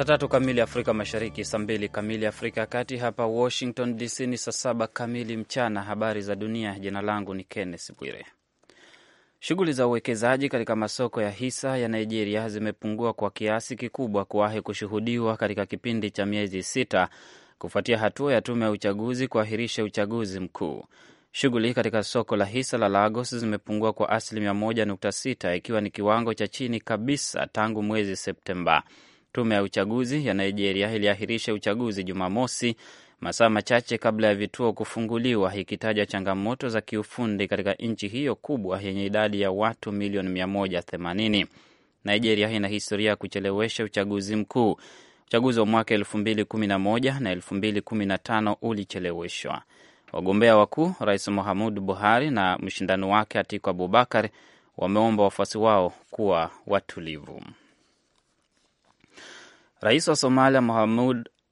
Saa tatu kamili Afrika Mashariki, saa mbili kamili Afrika ya Kati. Hapa Washington DC ni saa saba kamili mchana. Habari za dunia. Jina langu ni Kenneth Bwire. Shughuli za uwekezaji katika masoko ya hisa ya Nigeria zimepungua kwa kiasi kikubwa kuwahi kushuhudiwa katika kipindi cha miezi sita kufuatia hatua ya tume ya uchaguzi kuahirisha uchaguzi mkuu. Shughuli katika soko la hisa la Lagos zimepungua kwa asilimia 1.6 ikiwa ni kiwango cha chini kabisa tangu mwezi Septemba. Tume ya uchaguzi ya Nigeria iliahirisha uchaguzi Jumamosi, masaa machache kabla ya vituo kufunguliwa, ikitaja changamoto za kiufundi katika nchi hiyo kubwa yenye idadi ya watu milioni 180. Nigeria ina historia ya kuchelewesha uchaguzi mkuu. Uchaguzi wa mwaka 2011 na 2015 ulicheleweshwa. Wagombea wakuu Rais Muhammadu Buhari na mshindani wake Atiku Abubakar wameomba wafuasi wao kuwa watulivu. Rais wa Somalia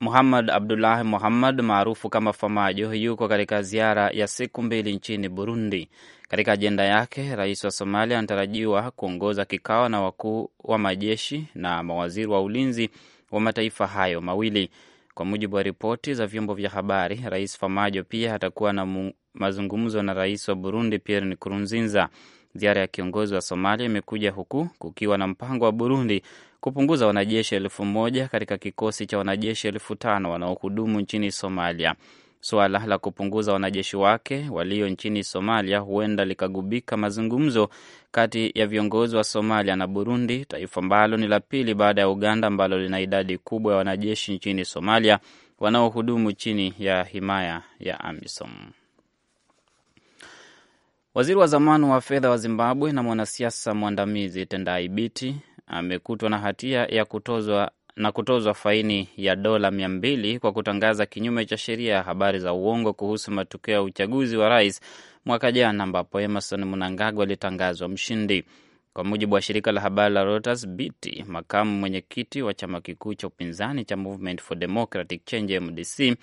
Muhammad Abdullahi Muhammad maarufu kama Famajo yuko katika ziara ya siku mbili nchini Burundi. Katika ajenda yake, rais wa Somalia anatarajiwa kuongoza kikao na wakuu wa majeshi na mawaziri wa ulinzi wa mataifa hayo mawili. Kwa mujibu wa ripoti za vyombo vya habari, rais Famajo pia atakuwa na mazungumzo na rais wa Burundi Pierre Nkurunziza. Ziara ya kiongozi wa Somalia imekuja huku kukiwa na mpango wa Burundi kupunguza wanajeshi elfu moja katika kikosi cha wanajeshi elfu tano wanaohudumu nchini Somalia. Suala la kupunguza wanajeshi wake walio nchini Somalia huenda likagubika mazungumzo kati ya viongozi wa Somalia na Burundi, taifa ambalo ni la pili baada ya Uganda ambalo lina idadi kubwa ya wanajeshi nchini Somalia wanaohudumu chini ya himaya ya AMISOM. Waziri wa zamani wa fedha wa Zimbabwe na mwanasiasa mwandamizi Tendai Biti amekutwa na hatia ya kutozwa na kutozwa faini ya dola mia mbili kwa kutangaza kinyume cha sheria ya habari za uongo kuhusu matokeo ya uchaguzi wa rais mwaka jana, ambapo Emerson Mnangagwa alitangazwa mshindi. Kwa mujibu wa shirika la habari la Reuters, Biti, makamu mwenyekiti wa chama kikuu cha upinzani cha Movement for Democratic Change MDC,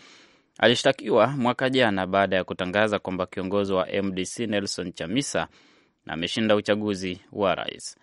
Alishtakiwa mwaka jana baada ya kutangaza kwamba kiongozi wa MDC Nelson Chamisa ameshinda uchaguzi wa rais.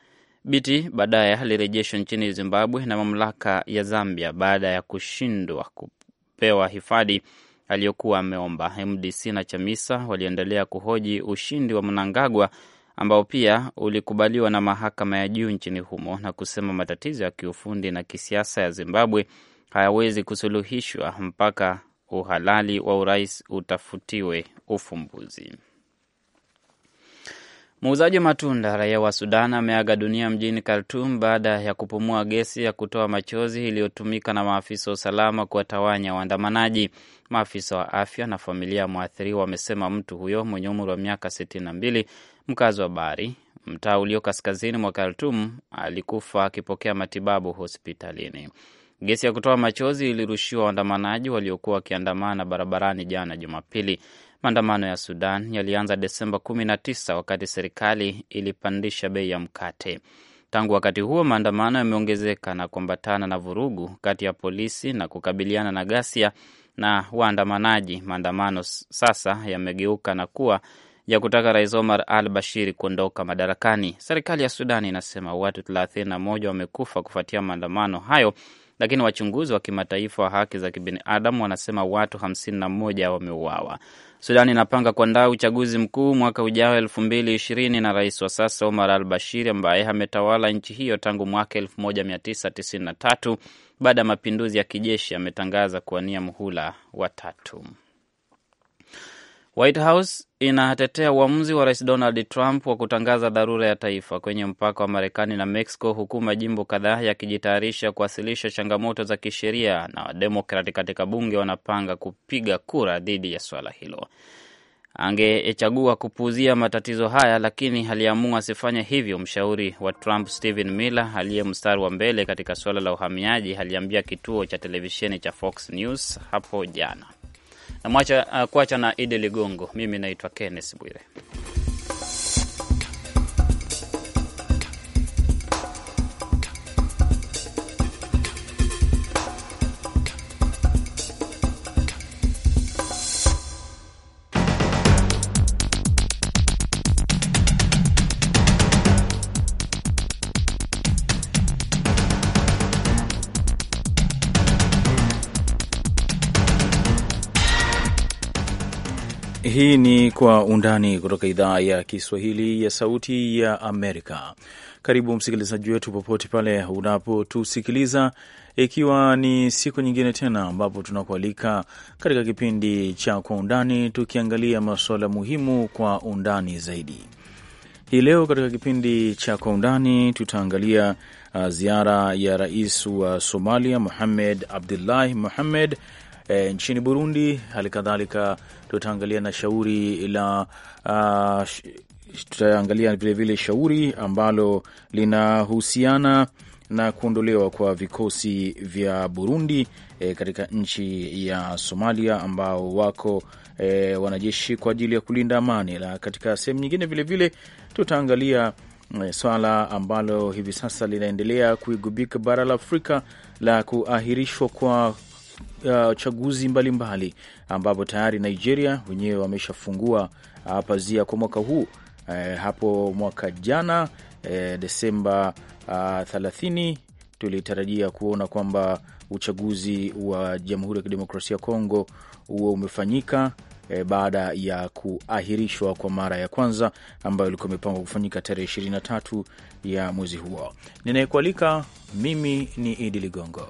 Biti baadaye alirejeshwa nchini Zimbabwe na mamlaka ya Zambia baada ya kushindwa kupewa hifadhi aliyokuwa ameomba. MDC na Chamisa waliendelea kuhoji ushindi wa Mnangagwa ambao pia ulikubaliwa na mahakama ya juu nchini humo na kusema matatizo ya kiufundi na kisiasa ya Zimbabwe hayawezi kusuluhishwa mpaka uhalali wa urais utafutiwe ufumbuzi. Muuzaji wa matunda raia wa Sudan ameaga dunia mjini Khartum baada ya kupumua gesi ya kutoa machozi iliyotumika na maafisa wa usalama kuwatawanya waandamanaji. Maafisa wa afya na familia ya mwathiriwa wamesema mtu huyo mwenye umri wa miaka 62 mkazi wa Bari, mtaa ulio kaskazini mwa Khartum, alikufa akipokea matibabu hospitalini. Gesi ya kutoa machozi ilirushiwa waandamanaji waliokuwa wakiandamana barabarani jana Jumapili. Maandamano ya Sudan yalianza Desemba 19 wakati serikali ilipandisha bei ya mkate. Tangu wakati huo maandamano yameongezeka na kuambatana na vurugu kati ya polisi na kukabiliana na ghasia na waandamanaji. Maandamano sasa yamegeuka na kuwa ya kutaka Rais Omar al Bashir kuondoka madarakani. Serikali ya Sudan inasema watu 31 wamekufa kufuatia maandamano hayo lakini wachunguzi wa kimataifa wa haki za kibinadamu wanasema watu 51 wameuawa. Sudan inapanga kuandaa uchaguzi mkuu mwaka ujao elfu na rais wa sasa Omar al Bashir ambaye ametawala nchi hiyo tangu mwaka 1993 baada ya mapinduzi ya kijeshi ametangaza kuwania muhula wa tatu. White House inatetea uamuzi wa rais Donald Trump wa kutangaza dharura ya taifa kwenye mpaka wa Marekani na Mexico, huku majimbo kadhaa yakijitayarisha kuwasilisha changamoto za kisheria, na Wademokrati katika bunge wanapanga kupiga kura dhidi ya swala hilo. Angechagua kupuuzia matatizo haya, lakini aliamua asifanye hivyo. Mshauri wa Trump Stephen Miller, aliye mstari wa mbele katika suala la uhamiaji, aliambia kituo cha televisheni cha Fox News hapo jana na mwacha, uh, kuacha na Idi Ligongo. Mimi naitwa Kenneth Bwire. Hii ni Kwa Undani kutoka idhaa ya Kiswahili ya Sauti ya Amerika. Karibu msikilizaji wetu popote pale unapotusikiliza, ikiwa ni siku nyingine tena ambapo tunakualika katika kipindi cha Kwa Undani, tukiangalia masuala muhimu kwa undani zaidi. Hii leo katika kipindi cha Kwa Undani tutaangalia uh, ziara ya rais wa Somalia Mohamed Abdullahi Mohamed e, nchini Burundi. Hali kadhalika tutaangalia na shauri la uh, sh tutaangalia vilevile shauri ambalo linahusiana na kuondolewa kwa vikosi vya Burundi e, katika nchi ya Somalia ambao wako e, wanajeshi kwa ajili ya kulinda amani. Na katika sehemu nyingine vilevile tutaangalia e, swala ambalo hivi sasa linaendelea kuigubika bara la Afrika la kuahirishwa kwa uh, chaguzi mbalimbali ambapo tayari Nigeria wenyewe wameshafungua uh, pazia kwa mwaka huu uh, hapo mwaka jana uh, Desemba uh, 30 tulitarajia kuona kwamba uchaguzi wa Jamhuri ya Kidemokrasia ya Kongo huo umefanyika e, baada ya kuahirishwa kwa mara ya kwanza ambayo ilikuwa imepangwa kufanyika tarehe tatu ya mwezi huo. Ninayekualika mimi ni Idi Ligongo.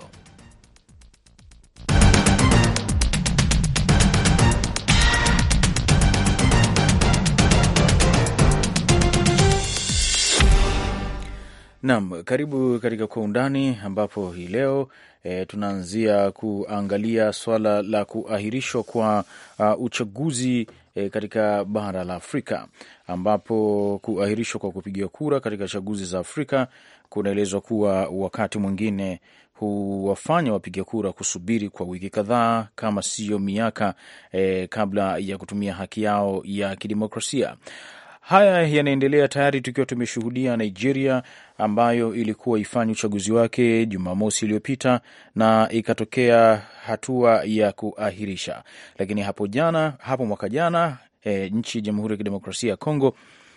Naam, karibu katika Kwa Undani, ambapo hii leo e, tunaanzia kuangalia swala la kuahirishwa kwa uh, uchaguzi e, katika bara la Afrika, ambapo kuahirishwa kwa kupiga kura katika chaguzi za Afrika kunaelezwa kuwa wakati mwingine huwafanya wapiga kura kusubiri kwa wiki kadhaa kama siyo miaka e, kabla ya kutumia haki yao ya kidemokrasia. Haya yanaendelea tayari tukiwa tumeshuhudia Nigeria ambayo ilikuwa ifanye uchaguzi wake Jumamosi iliyopita na ikatokea hatua ya kuahirisha, lakini hapo jana, hapo mwaka jana E, nchi Jamhuri ya Kidemokrasia ya Kongo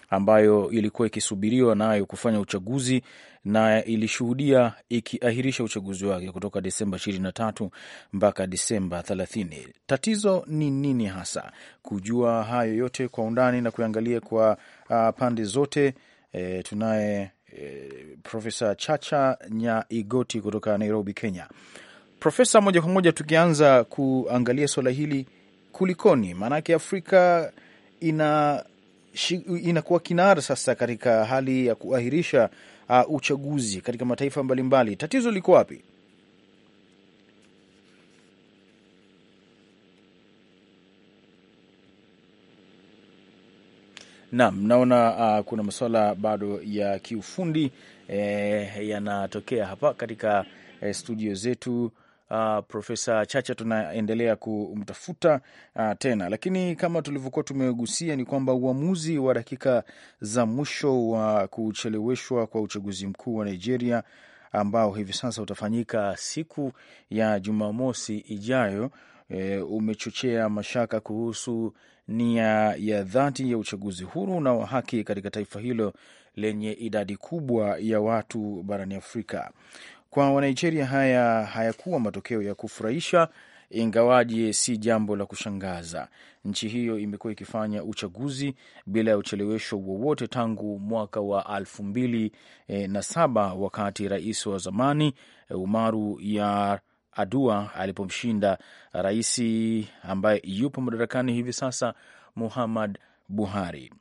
ambayo ilikuwa ikisubiriwa nayo kufanya uchaguzi na ilishuhudia ikiahirisha uchaguzi wake kutoka Desemba 23 mpaka Desemba 30. Tatizo ni nini hasa? Kujua hayo yote kwa undani na kuangalia kwa uh, pande zote e, tunaye e, Profesa Chacha Nyaigoti kutoka Nairobi, Kenya. Profesa, moja kwa moja tukianza kuangalia swala hili, kulikoni? Maanake Afrika ina inakuwa kinara sasa katika hali ya kuahirisha uh, uchaguzi katika mataifa mbalimbali. Tatizo liko wapi? Naam, naona uh, kuna masuala bado ya kiufundi eh, yanatokea hapa katika eh, studio zetu. Uh, Profesa Chacha tunaendelea kumtafuta uh, tena, lakini kama tulivyokuwa tumegusia ni kwamba uamuzi wa dakika za mwisho wa kucheleweshwa kwa uchaguzi mkuu wa Nigeria ambao hivi sasa utafanyika siku ya Jumamosi ijayo e, umechochea mashaka kuhusu nia ya dhati ya uchaguzi huru na wa haki katika taifa hilo lenye idadi kubwa ya watu barani Afrika. Kwa Wanigeria haya hayakuwa matokeo ya kufurahisha, ingawaje si jambo la kushangaza. Nchi hiyo imekuwa ikifanya uchaguzi bila ya uchelewesho wowote tangu mwaka wa elfu mbili eh, na saba wakati rais wa zamani eh, Umaru ya Adua alipomshinda rais ambaye yupo madarakani hivi sasa Muhammad Buhari.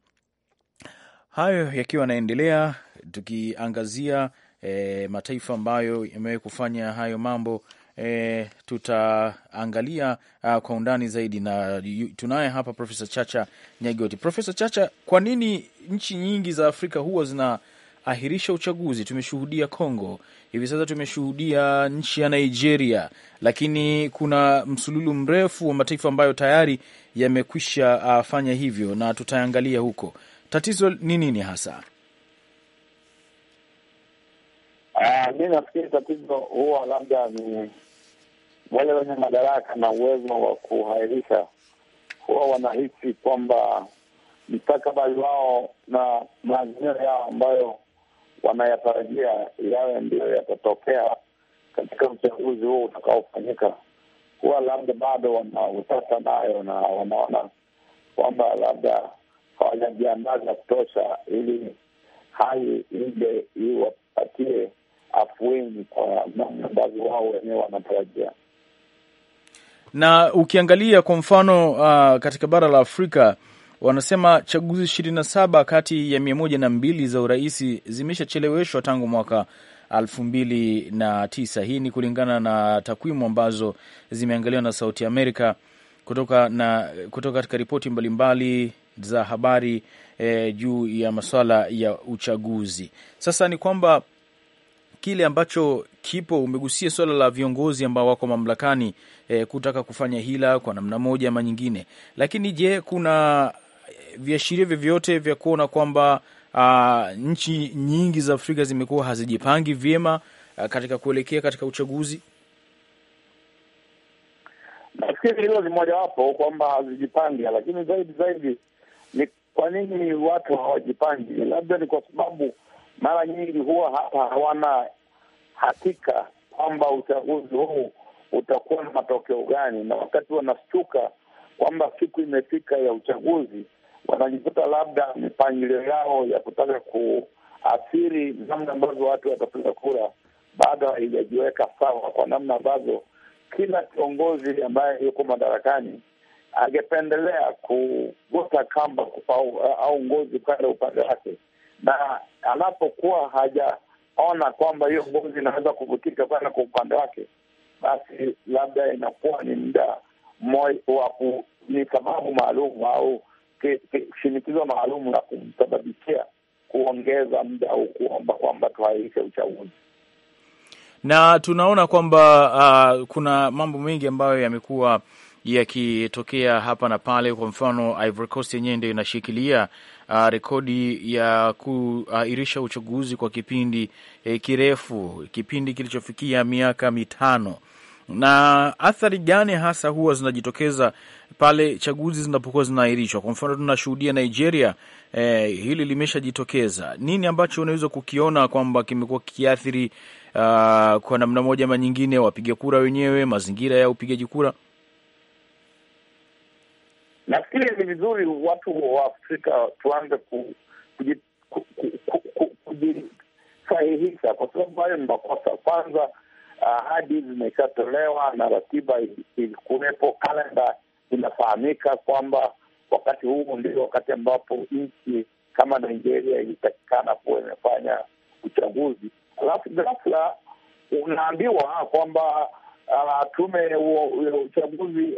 Hayo yakiwa yanaendelea, tukiangazia e, mataifa ambayo yamewahi kufanya hayo mambo e, tutaangalia kwa undani zaidi, na tunaye hapa Profesa Chacha Nyagoti. Profesa Chacha, kwa nini nchi nyingi za Afrika huwa zina ahirisha uchaguzi. Tumeshuhudia congo hivi sasa, tumeshuhudia nchi ya Nigeria, lakini kuna msululu mrefu wa mataifa ambayo tayari yamekwisha uh, fanya hivyo, na tutaangalia huko tatizo ni nini hasa. Ah, Mi nafikiri tatizo huwa labda ni wale wenye madaraka na uwezo wa kuhairisha, huwa wanahisi kwamba mstakabali wao na maazimio yao ambayo wanayatarajia yawe ndiyo yatatokea katika uchaguzi huo utakaofanyika, huwa labda bado wanautata nayo na wanaona kwamba labda hawajajiandaa za kutosha ili hali ije wengi kwa namna ambavyo wao wenyewe wanatarajia. Na ukiangalia kwa mfano uh, katika bara la Afrika wanasema chaguzi ishirini na saba kati ya mia moja na mbili za uraisi zimeshacheleweshwa tangu mwaka elfu mbili na tisa. Hii ni kulingana na takwimu ambazo zimeangaliwa na Sauti Amerika kutoka na kutoka katika ripoti mbalimbali za habari eh, juu ya maswala ya uchaguzi. Sasa ni kwamba kile ambacho kipo, umegusia suala la viongozi ambao wako mamlakani e, kutaka kufanya hila kwa namna moja ama nyingine, lakini je, kuna eh, viashiria vyovyote vya kuona kwamba ah, nchi nyingi za Afrika zimekuwa hazijipangi vyema ah, katika kuelekea katika uchaguzi? Nafikiri hilo ni mojawapo kwamba hazijipangi, lakini zaidi zaidi ni kwa nini watu hawajipangi? Labda ni kwa sababu mara nyingi huwa hata hawana hakika kwamba uchaguzi huu utakuwa na matokeo gani, na wakati wanashtuka kwamba siku imefika ya uchaguzi, wanajikuta labda mipangilio yao ya kutaka kuathiri namna ambavyo watu watapiga kura bado haijajiweka sawa, kwa namna ambazo kila kiongozi ambaye yuko madarakani angependelea kuvuta kamba au ngozi kwenda upande wake, na anapokuwa hajaona kwamba hiyo ngozi inaweza kuvutika sana kwa upande wake, basi labda inakuwa ni muda wa ni sababu maalum au shinikizo maalum la kumsababishia kuongeza muda au kuomba kwamba tuahirishe uchaguzi na tunaona kwamba uh, kuna mambo mengi ambayo yamekuwa yakitokea hapa na pale. Kwa mfano, Ivory Coast yenyewe ndio inashikilia uh, rekodi ya kuahirisha uh, uchaguzi kwa kipindi eh, kirefu, kipindi kilichofikia miaka mitano. Na athari gani hasa huwa zinajitokeza pale chaguzi zinapokuwa zinaahirishwa? Kwa mfano tunashuhudia Nigeria, eh, hili limeshajitokeza. Nini ambacho unaweza kukiona kwamba kimekuwa kikiathiri uh, kwa namna moja ama nyingine, wapiga kura wenyewe, mazingira ya upigaji kura? Nafikiri ni vizuri watu wa Afrika tuanze kujisahihisha, kwa sababu hayo ni makosa. Kwanza, ahadi zimeshatolewa na ratiba ilikuwepo, kalenda inafahamika kwamba wakati huu ndio wakati ambapo nchi kama Nigeria ilitakikana kuwa imefanya uchaguzi, alafu ghafla unaambiwa kwamba uh, tume ya uchaguzi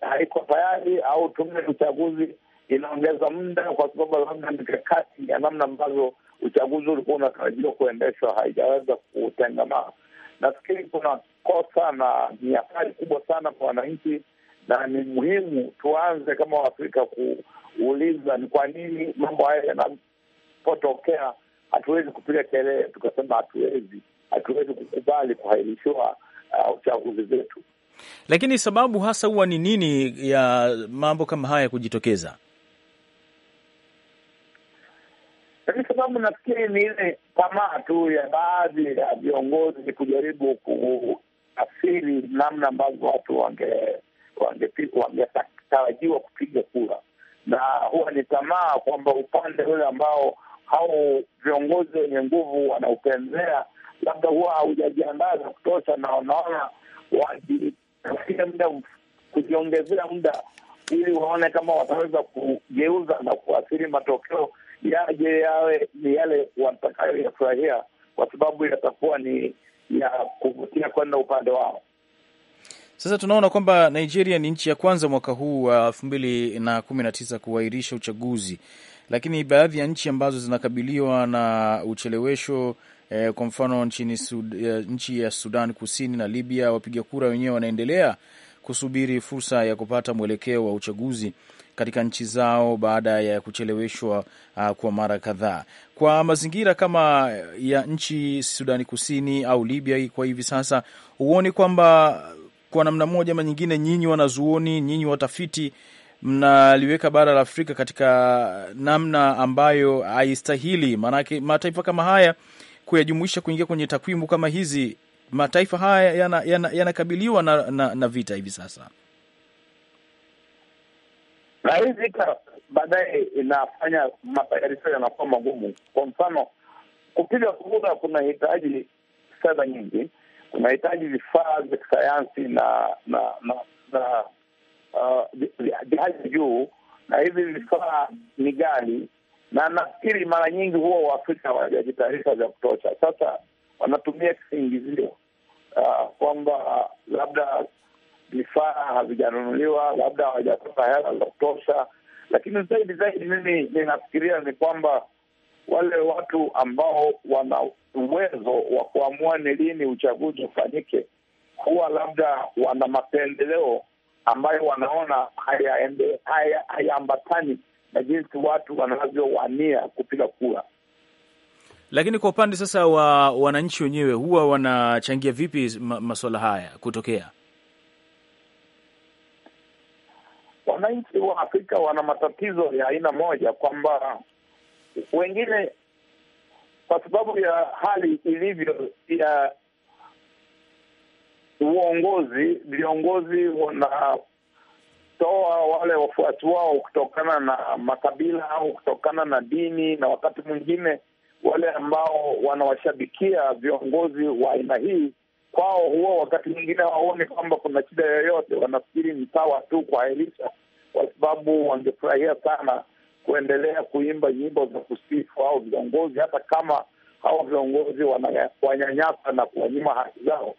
haiko tayari au tume ya uchaguzi inaongeza muda kwa sababu labda mikakati ya namna ambavyo uchaguzi ulikuwa unatarajiwa kuendeshwa haijaweza kutengamaa. Nafikiri kuna kosa na ni hatari kubwa sana kwa wananchi, na ni muhimu tuanze kama Waafrika kuuliza ni kwa nini mambo haya yanapotokea. Hatuwezi kupiga kelele tukasema hatuwezi, hatuwezi kukubali kuhairishiwa uh, uchaguzi zetu. Lakini sababu hasa huwa ni nini ya mambo kama haya kujitokeza? Lakini sababu nafikiri ni ile tamaa tu ya baadhi ya viongozi kujaribu kuafiri namna ambavyo watu wange wangetarajiwa kupiga kura, na huwa ni tamaa kwamba upande ule ambao hao viongozi wenye nguvu wanaupendea labda huwa haujajiandaa za kutosha, na wanaona wajitafutie muda kujiongezea muda ili waone kama wataweza kugeuza na kuathiri matokeo yaje yawe ni yale watakayoyafurahia, kwa sababu yatakuwa ni ya kuvutia kwenda upande wao. Sasa tunaona kwamba Nigeria ni nchi ya kwanza mwaka huu wa elfu mbili na kumi na tisa kuahirisha uchaguzi, lakini baadhi ya nchi ambazo zinakabiliwa na uchelewesho E, kwa mfano nchini Sud, e, nchi ya Sudan Kusini na Libya, wapiga kura wenyewe wanaendelea kusubiri fursa ya kupata mwelekeo wa uchaguzi katika nchi zao baada ya kucheleweshwa uh, kwa mara kadhaa. Kwa mazingira kama eh, ya nchi Sudani Kusini au Libya kwa hivi sasa, huoni kwamba kwa namna moja ama nyingine, nyinyi wanazuoni, nyinyi watafiti, mnaliweka bara la Afrika katika namna ambayo haistahili? Maanake mataifa kama haya kuyajumuisha kuingia kwenye takwimu kama hizi? Mataifa haya yanakabiliwa yana, yana na, na, na vita hivi sasa, na hii vita baadaye inafanya matayarisho yanakuwa magumu. Kwa mfano, kupiga kura kunahitaji fedha nyingi, kunahitaji vifaa vya kisayansi na na na, na uh, juu, na hivi vifaa ni ghali na nafikiri mara nyingi huwa Waafrika hawajaji taarifa za kutosha. Sasa wanatumia kisingizio uh, kwamba uh, labda vifaa havijanunuliwa, labda hawajapata hela za kutosha. Lakini zaidi zaidi, mimi ninafikiria ni kwamba wale watu ambao wana uwezo wa kuamua ni lini uchaguzi ufanyike huwa labda wana mapendeleo ambayo wanaona hayaambatani haya na jinsi watu wanavyowania kupiga kura. Lakini kwa upande sasa wa wananchi wenyewe, huwa wanachangia vipi masuala haya kutokea? Wananchi wa Afrika wana matatizo ya aina moja, kwamba wengine kwa sababu ya hali ilivyo ya uongozi, viongozi wana kutoa wale wafuasi wao kutokana na makabila au kutokana na dini, na wakati mwingine wale ambao wanawashabikia viongozi wa aina hii, kwao huwa wakati mwingine hawaoni kwamba kuna shida yoyote, wanafikiri ni sawa tu kuahirisha, kwa sababu wangefurahia sana kuendelea kuimba nyimbo za kusifu au viongozi, hata kama hao viongozi wananyanyasa na kuwanyima haki zao.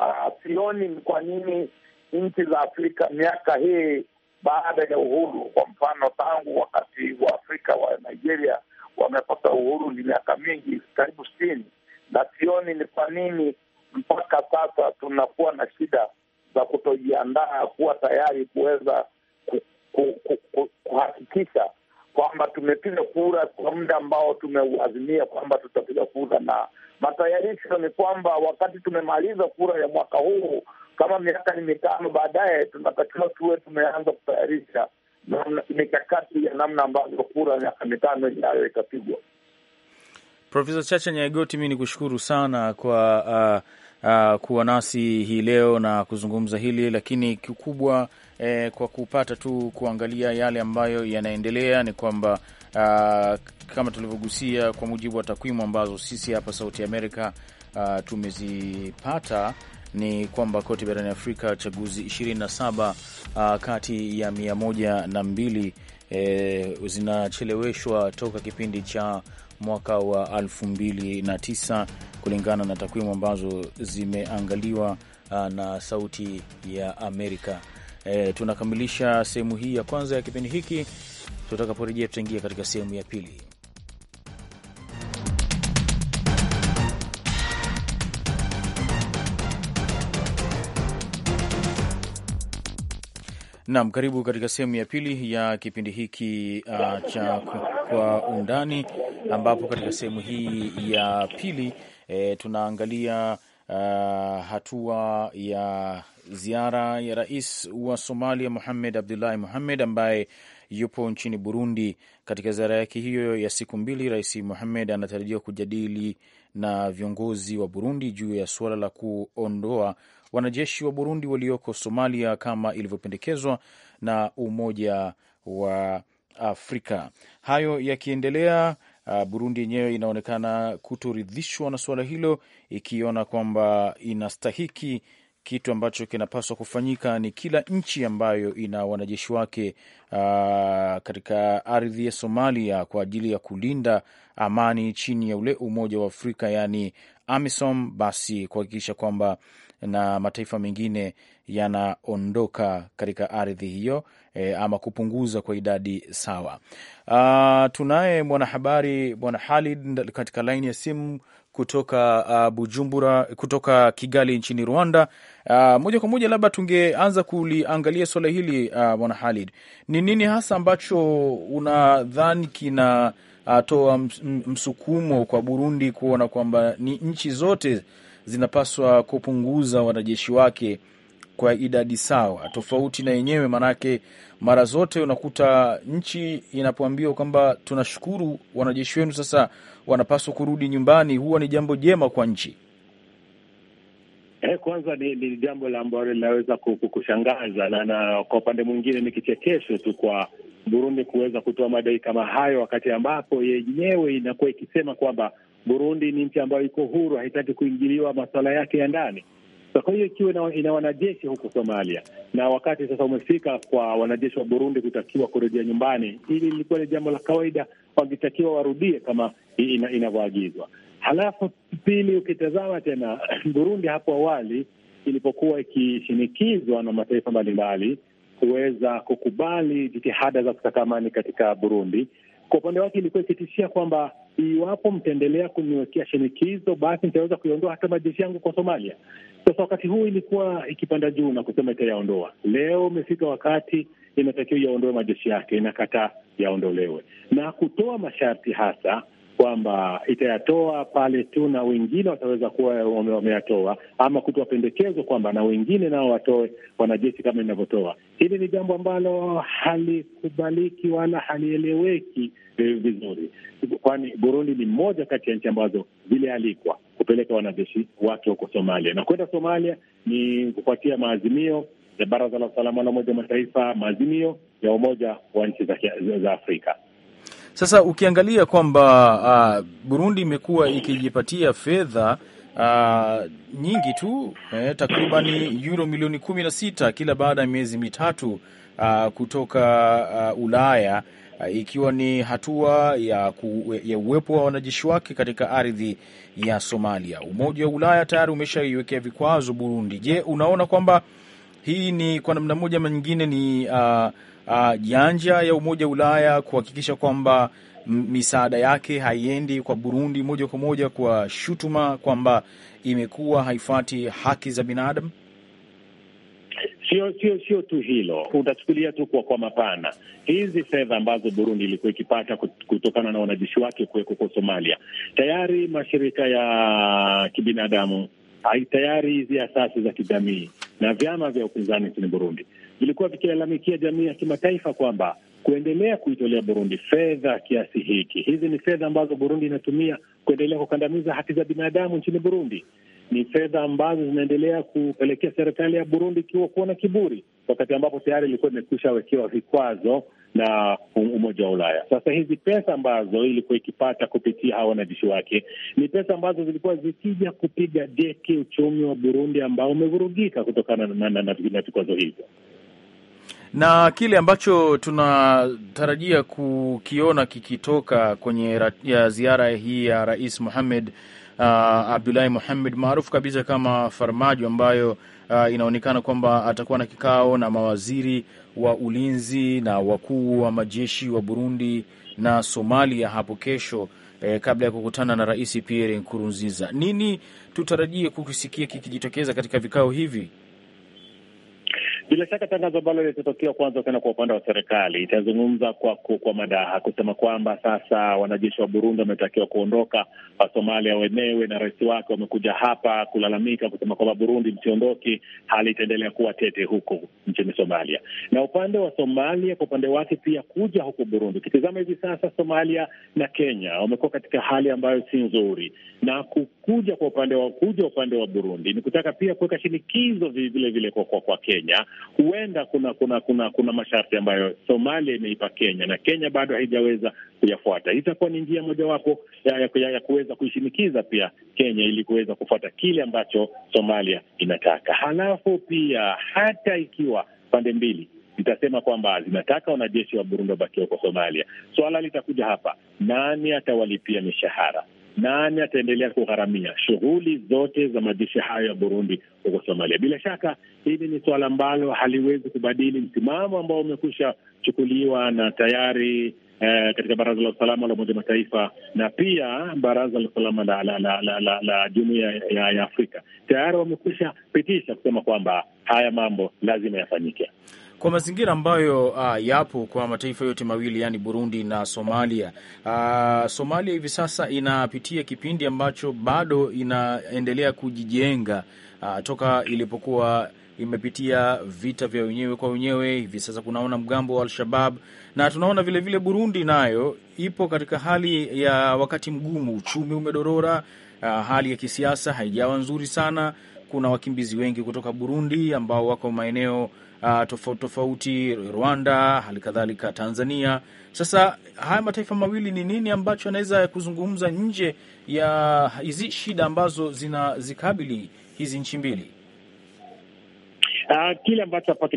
Ah, sioni ni kwa nini nchi za Afrika miaka hii baada ya uhuru. Kwa mfano, tangu wakati wa Afrika wa Nigeria wamepata uhuru ni miaka mingi, karibu sitini, na sioni ni kwa nini mpaka sasa tunakuwa na shida za kutojiandaa kuwa tayari kuweza kuhakikisha kwamba tumepiga kura kwa muda ambao tumeuazimia kwamba tutapiga kura na matayarisho ni kwamba wakati tumemaliza kura ya mwaka huu, kama miaka ni mitano baadaye, tunatakiwa tuwe tumeanza kutayarisha mikakati ya namna ambavyo kura miaka mitano ijayo itapigwa. Profesa Chacha Nyaigoti, mi ni kushukuru sana kwa uh, uh, kuwa nasi hii leo na kuzungumza hili, lakini kikubwa eh, kwa kupata tu kuangalia yale ambayo yanaendelea ni kwamba uh, kama tulivyogusia kwa mujibu wa takwimu ambazo sisi hapa Sauti ya Amerika uh, tumezipata ni kwamba kote barani Afrika chaguzi 27 uh, kati ya 102 e, eh, zinacheleweshwa toka kipindi cha mwaka wa 2009 kulingana na takwimu ambazo zimeangaliwa uh, na Sauti ya Amerika. E, tunakamilisha sehemu hii ya kwanza ya kipindi hiki Tutakaporejea tutaingia katika sehemu ya pili. Naam, karibu katika sehemu ya pili ya kipindi hiki uh, cha Kwa Undani, ambapo katika sehemu hii ya pili e, tunaangalia uh, hatua ya ziara ya rais wa Somalia Mohamed Abdullahi Mohamed ambaye yupo nchini Burundi. Katika ziara yake hiyo ya siku mbili, Rais Mohamed anatarajiwa kujadili na viongozi wa Burundi juu ya suala la kuondoa wanajeshi wa Burundi walioko Somalia kama ilivyopendekezwa na Umoja wa Afrika. Hayo yakiendelea, uh, Burundi yenyewe inaonekana kutoridhishwa na suala hilo, ikiona kwamba inastahiki kitu ambacho kinapaswa kufanyika ni kila nchi ambayo ina wanajeshi wake uh, katika ardhi ya Somalia kwa ajili ya kulinda amani chini ya ule Umoja wa Afrika yaani AMISOM, basi kuhakikisha kwamba na mataifa mengine yanaondoka katika ardhi hiyo e, ama kupunguza kwa idadi sawa. Ah, tunaye mwanahabari bwana Halid katika laini ya simu kutoka uh, Bujumbura, kutoka Kigali nchini Rwanda. Uh, moja kwa moja labda tungeanza kuliangalia swala hili uh, bwana uh, Halid, ni nini hasa ambacho unadhani kina atoa uh, msukumo kwa Burundi kuona kwamba ni nchi zote zinapaswa kupunguza wanajeshi wake kwa idadi sawa, tofauti na yenyewe. Maanake mara zote unakuta nchi inapoambiwa kwamba tunashukuru wanajeshi wenu sasa wanapaswa kurudi nyumbani, huwa ni jambo jema kwa nchi. Eh, kwanza ni, ni jambo la ambalo linaweza kushangaza na, na kwa upande mwingine ni kichekesho tu kwa Burundi kuweza kutoa madai kama hayo, wakati ambapo yenyewe inakuwa ikisema kwamba Burundi ni nchi ambayo iko huru, haitaki kuingiliwa masuala yake ya ndani. Kwa hiyo ikiwa ina wanajeshi huko Somalia, na wakati sasa umefika kwa wanajeshi wa Burundi kutakiwa kurejea nyumbani, hili lilikuwa ni jambo la kawaida, wangetakiwa warudie kama inavyoagizwa. Halafu pili, ukitazama tena Burundi hapo awali ilipokuwa ikishinikizwa na mataifa mbalimbali kuweza kukubali jitihada za kutaka amani katika Burundi, kwa upande wake ilikuwa ikitishia kwamba iwapo mtaendelea kuniwekea shinikizo, basi nitaweza kuiondoa hata majeshi yangu kwa Somalia. Sasa wakati huu ilikuwa ikipanda juu na kusema itayaondoa, leo umefika wakati inatakiwa yaondoe majeshi yake, inakataa yaondolewe na kutoa masharti hasa kwamba itayatoa pale tu na wengine wataweza kuwa wameyatoa, ama kutoa pendekezo kwamba na wengine nao watoe wanajeshi kama inavyotoa. Hili ni jambo ambalo halikubaliki wala halieleweki eh, vizuri, kwani Burundi ni moja kati ya nchi ambazo zilialikwa kupeleka wanajeshi wake huko Somalia, na kwenda Somalia ni kufuatia maazimio ya Baraza la Usalama la Umoja wa Mataifa, maazimio ya Umoja wa nchi za, za Afrika. Sasa ukiangalia kwamba uh, Burundi imekuwa ikijipatia fedha Uh, nyingi tu eh, takribani euro milioni kumi na sita kila baada ya miezi mitatu uh, kutoka uh, Ulaya uh, ikiwa ni hatua ya, ku, ya uwepo wa wanajeshi wake katika ardhi ya Somalia. Umoja wa Ulaya tayari umeshaiwekea vikwazo Burundi. Je, unaona kwamba hii ni kwa namna moja ama nyingine ni uh, uh, ah, janja ya Umoja wa Ulaya kuhakikisha kwamba misaada yake haiendi kwa Burundi moja kwa moja kwa shutuma kwamba imekuwa haifuati haki za binadamu? Sio, sio, sio tu hilo. Utachukulia tu kwa, kwa mapana, hizi fedha ambazo Burundi ilikuwa ikipata kutokana na wanajeshi wake kuwekwa kwa Somalia, tayari mashirika ya kibinadamu tayari hizi asasi za kijamii na vyama vya upinzani nchini Burundi vilikuwa vikilalamikia jamii ya kimataifa kwamba kuendelea kuitolea Burundi fedha kiasi hiki, hizi ni fedha ambazo Burundi inatumia kuendelea kukandamiza haki za binadamu nchini Burundi, ni fedha ambazo zinaendelea kupelekea serikali ya Burundi ikiwa kuwa na kiburi, wakati ambapo tayari ilikuwa imekwisha wekewa vikwazo na Umoja wa Ulaya. Sasa hizi pesa ambazo ilikuwa ikipata kupitia hawa wanajeshi wake ni pesa ambazo zilikuwa zikija kupiga deki uchumi wa Burundi ambao umevurugika kutokana na vikwazo hivyo na kile ambacho tunatarajia kukiona kikitoka kwenye ya ziara hii ya Rais Muhamed uh, Abdulahi Muhamed maarufu kabisa kama Farmajo, ambayo uh, inaonekana kwamba atakuwa na kikao na mawaziri wa ulinzi na wakuu wa majeshi wa Burundi na Somalia hapo kesho eh, kabla ya kukutana na Rais Pierre Nkurunziza. Nini tutarajie kukisikia kikijitokeza katika vikao hivi? Bila shaka tangazo ambalo litatokea kwanza tena kwa upande wa serikali itazungumza kwa, kwa, kwa madaha kusema kwamba sasa wanajeshi wa Burundi wametakiwa kuondoka, Wasomalia wenyewe na rais wake wamekuja hapa kulalamika kusema kwamba Burundi msiondoki, hali itaendelea kuwa tete huko nchini Somalia. Na upande wa Somalia kwa upande wake pia kuja huko Burundi, ukitizama hivi sasa Somalia na Kenya wamekuwa katika hali ambayo si nzuri, na kukuja kwa upande wa kuja upande wa Burundi ni kutaka pia kuweka shinikizo vilevile kwa, kwa, kwa Kenya huenda kuna kuna kuna kuna masharti ambayo Somalia imeipa Kenya na Kenya bado haijaweza kuyafuata. itakuwa ni njia mojawapo ya, ya, ya, ya kuweza kuishinikiza pia Kenya ili kuweza kufuata kile ambacho Somalia inataka. Halafu pia hata ikiwa pande mbili zitasema kwamba zinataka wanajeshi wa Burundi wabakiwa huko Somalia, swala litakuja hapa, nani atawalipia mishahara? nani ataendelea kugharamia shughuli zote za majeshi hayo ya Burundi huko Somalia? Bila shaka hili ni suala ambalo haliwezi kubadili msimamo ambao umekwisha chukuliwa na tayari eh, katika Baraza la Usalama la Umoja Mataifa na pia Baraza la Usalama la, la, la, la, la, la Jumuiya ya, ya, ya Afrika tayari wamekwisha pitisha kusema kwamba haya mambo lazima yafanyike kwa mazingira ambayo uh, yapo kwa mataifa yote mawili yani Burundi na Somalia. Uh, Somalia hivi sasa inapitia kipindi ambacho bado inaendelea kujijenga uh, toka ilipokuwa imepitia vita vya wenyewe kwa wenyewe. Hivi sasa kunaona mgambo wa Al-Shabab na tunaona vilevile vile Burundi nayo ipo katika hali ya wakati mgumu, uchumi umedorora, uh, hali ya kisiasa haijawa nzuri sana. Kuna wakimbizi wengi kutoka Burundi ambao wako maeneo uh, tofauti tofauti, Rwanda, hali kadhalika Tanzania. Sasa haya mataifa mawili, ni nini ambacho anaweza kuzungumza nje ya hizi shida ambazo zinazikabili hizi nchi mbili? Uh, kile ambacho hapa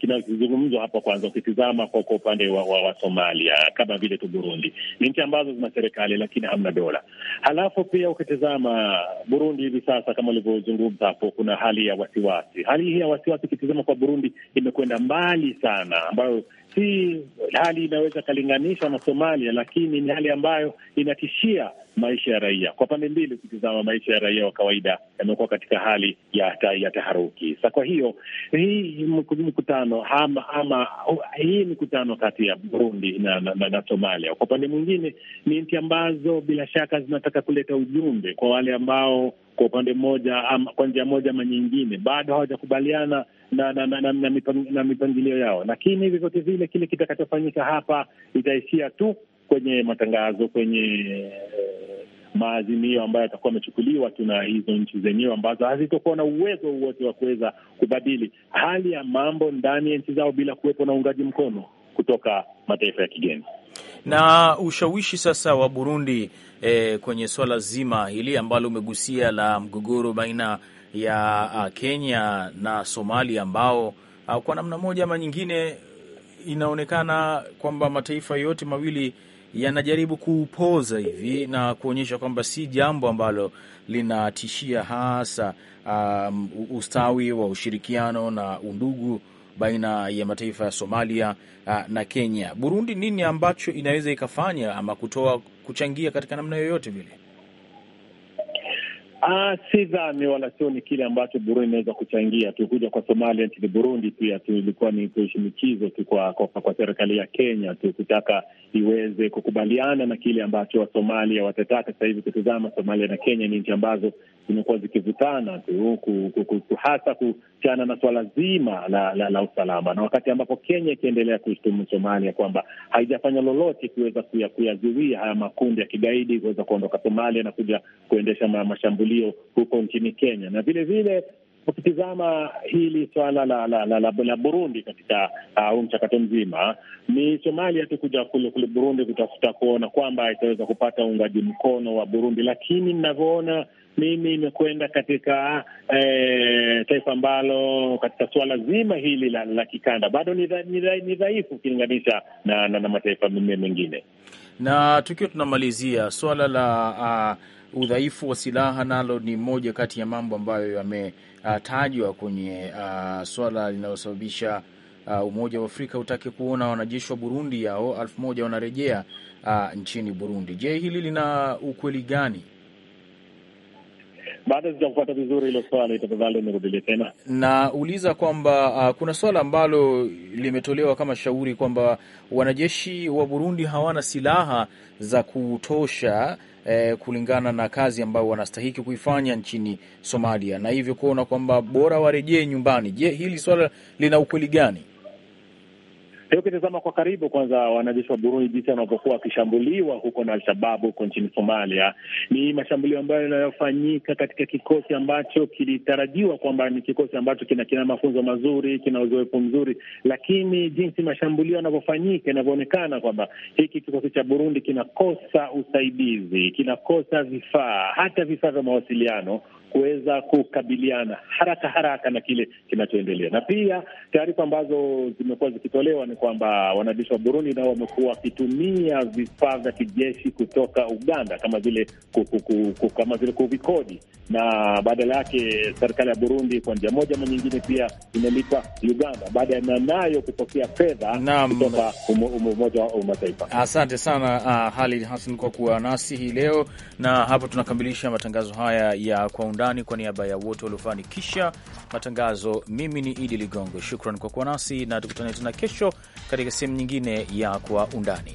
kinazungumzwa hapa, kwanza ukitizama kwa upande wa, wa, wa Somalia kama vile tu Burundi ni nchi ambazo zina serikali lakini hamna dola. Halafu pia ukitizama Burundi hivi sasa kama ulivyozungumza hapo, kuna hali ya wasiwasi. Hali hii ya wasiwasi ukitizama kwa Burundi imekwenda mbali sana, ambayo si hali inaweza ikalinganishwa na Somalia, lakini ni hali ambayo inatishia maisha ya raia kwa pande mbili. Ukitizama maisha ya raia wa kawaida yamekuwa katika hali ya, ta, ya taharuki. Sa kwa hiyo hii mkutano ama, ama hii mkutano kati ya Burundi na, na, na, na Somalia kwa upande mwingine ni nchi ambazo bila shaka zinataka kuleta ujumbe kwa wale ambao kwa upande mmoja kwa njia moja ama nyingine, bado hawajakubaliana na na, na, na, na, mipang, na mipangilio yao, lakini vyovyote vile kile kitakachofanyika hapa itaishia tu kwenye matangazo, kwenye eh, maazimio ambayo yatakuwa yamechukuliwa tu na hizo nchi zenyewe ambazo hazitokuwa na uwezo wowote wa kuweza kubadili hali ya mambo ndani ya nchi zao bila kuwepo na uungaji mkono kutoka mataifa ya kigeni. Na ushawishi sasa wa Burundi eh, kwenye swala zima hili ambalo umegusia la mgogoro baina ya ah, Kenya na Somalia ambao ah, kwa namna moja ama nyingine inaonekana kwamba mataifa yote mawili yanajaribu kuupoza hivi na kuonyesha kwamba si jambo ambalo linatishia hasa um, ustawi wa ushirikiano na undugu baina ya mataifa ya Somalia na Kenya. Burundi, nini ambacho inaweza ikafanya ama kutoa kuchangia katika namna yoyote vile? Ah, dhani wala ni kile ambacho Burundi inaweza kuchangia. kuja kwa Somalia nchini Burundi, pia tulikuwa ni kushinikizo tu kwa, kwa, kwa serikali ya Kenya tu kutaka iweze kukubaliana na kile ambacho Wasomalia watataka. Sasa hivi kutizama, Somalia na Kenya ni nchi ambazo zimekuwa zikivutana tu hasa kuchana na swala zima la, la, la usalama, na wakati ambapo Kenya ikiendelea kuishtumu Somalia kwamba haijafanya lolote kuweza kuyazuia haya makundi ya kigaidi kuweza kuondoka Somalia na kuja kuendesha mashambulio ulio huko nchini Kenya, na vilevile ukitizama hili swala la la, la, la, la Burundi katika uh, huu uh, mchakato mzima, ni Somalia tu kuja kule kule Burundi kutafuta kuona kwamba itaweza kupata uungaji mkono wa Burundi, lakini ninavyoona mimi imekwenda katika eh, taifa ambalo katika suala zima hili la, la kikanda bado ni nitha, dhaifu ukilinganisha na, na, na mataifa mengine. Na tukiwa tunamalizia suala la uh, udhaifu wa silaha nalo ni moja kati ya mambo ambayo yametajwa kwenye uh, swala linalosababisha uh, Umoja wa Afrika utake kuona wanajeshi wa Burundi yao elfu moja wanarejea uh, nchini Burundi. Je, hili lina ukweli gani? Baada sijakupata vizuri hilo swali, tafadhali unirudilie tena. Nauliza kwamba uh, kuna swala ambalo limetolewa kama shauri kwamba wanajeshi wa Burundi hawana silaha za kutosha eh, kulingana na kazi ambayo wanastahiki kuifanya nchini Somalia, na hivyo kuona kwamba bora warejee nyumbani. Je, hili swala lina ukweli gani? Pia ukitazama kwa karibu, kwanza wanajeshi wa Burundi jinsi wanavyokuwa wakishambuliwa huko na Alshababu huko nchini Somalia, ni mashambulio ambayo yanayofanyika katika kikosi ambacho kilitarajiwa kwamba ni kikosi ambacho kina, kina mafunzo mazuri, kina uzoefu mzuri, lakini jinsi mashambulio yanavyofanyika, inavyoonekana kwamba hiki kikosi cha Burundi kinakosa usaidizi, kinakosa vifaa, hata vifaa vya mawasiliano kuweza kukabiliana haraka haraka na kile kinachoendelea. Na pia taarifa ambazo zimekuwa zikitolewa ni kwamba wanajeshi wa Burundi nao wamekuwa wakitumia vifaa vya kijeshi kutoka Uganda kama vile kama vile kuvikodi, na badala yake serikali ya Burundi kwa njia moja ama nyingine pia imelipa Uganda baada ya nayo kupokea fedha kutoka Umoja wa Mataifa. Asante sana uh, Halid Hassan kwa kuwa nasi hii leo, na hapo tunakamilisha matangazo haya ya kwa undani. Kwa niaba ya wote waliofanikisha matangazo, mimi ni Idi Ligongo, shukran kwa kuwa nasi na tukutane tena kesho katika sehemu nyingine ya Kwa Undani.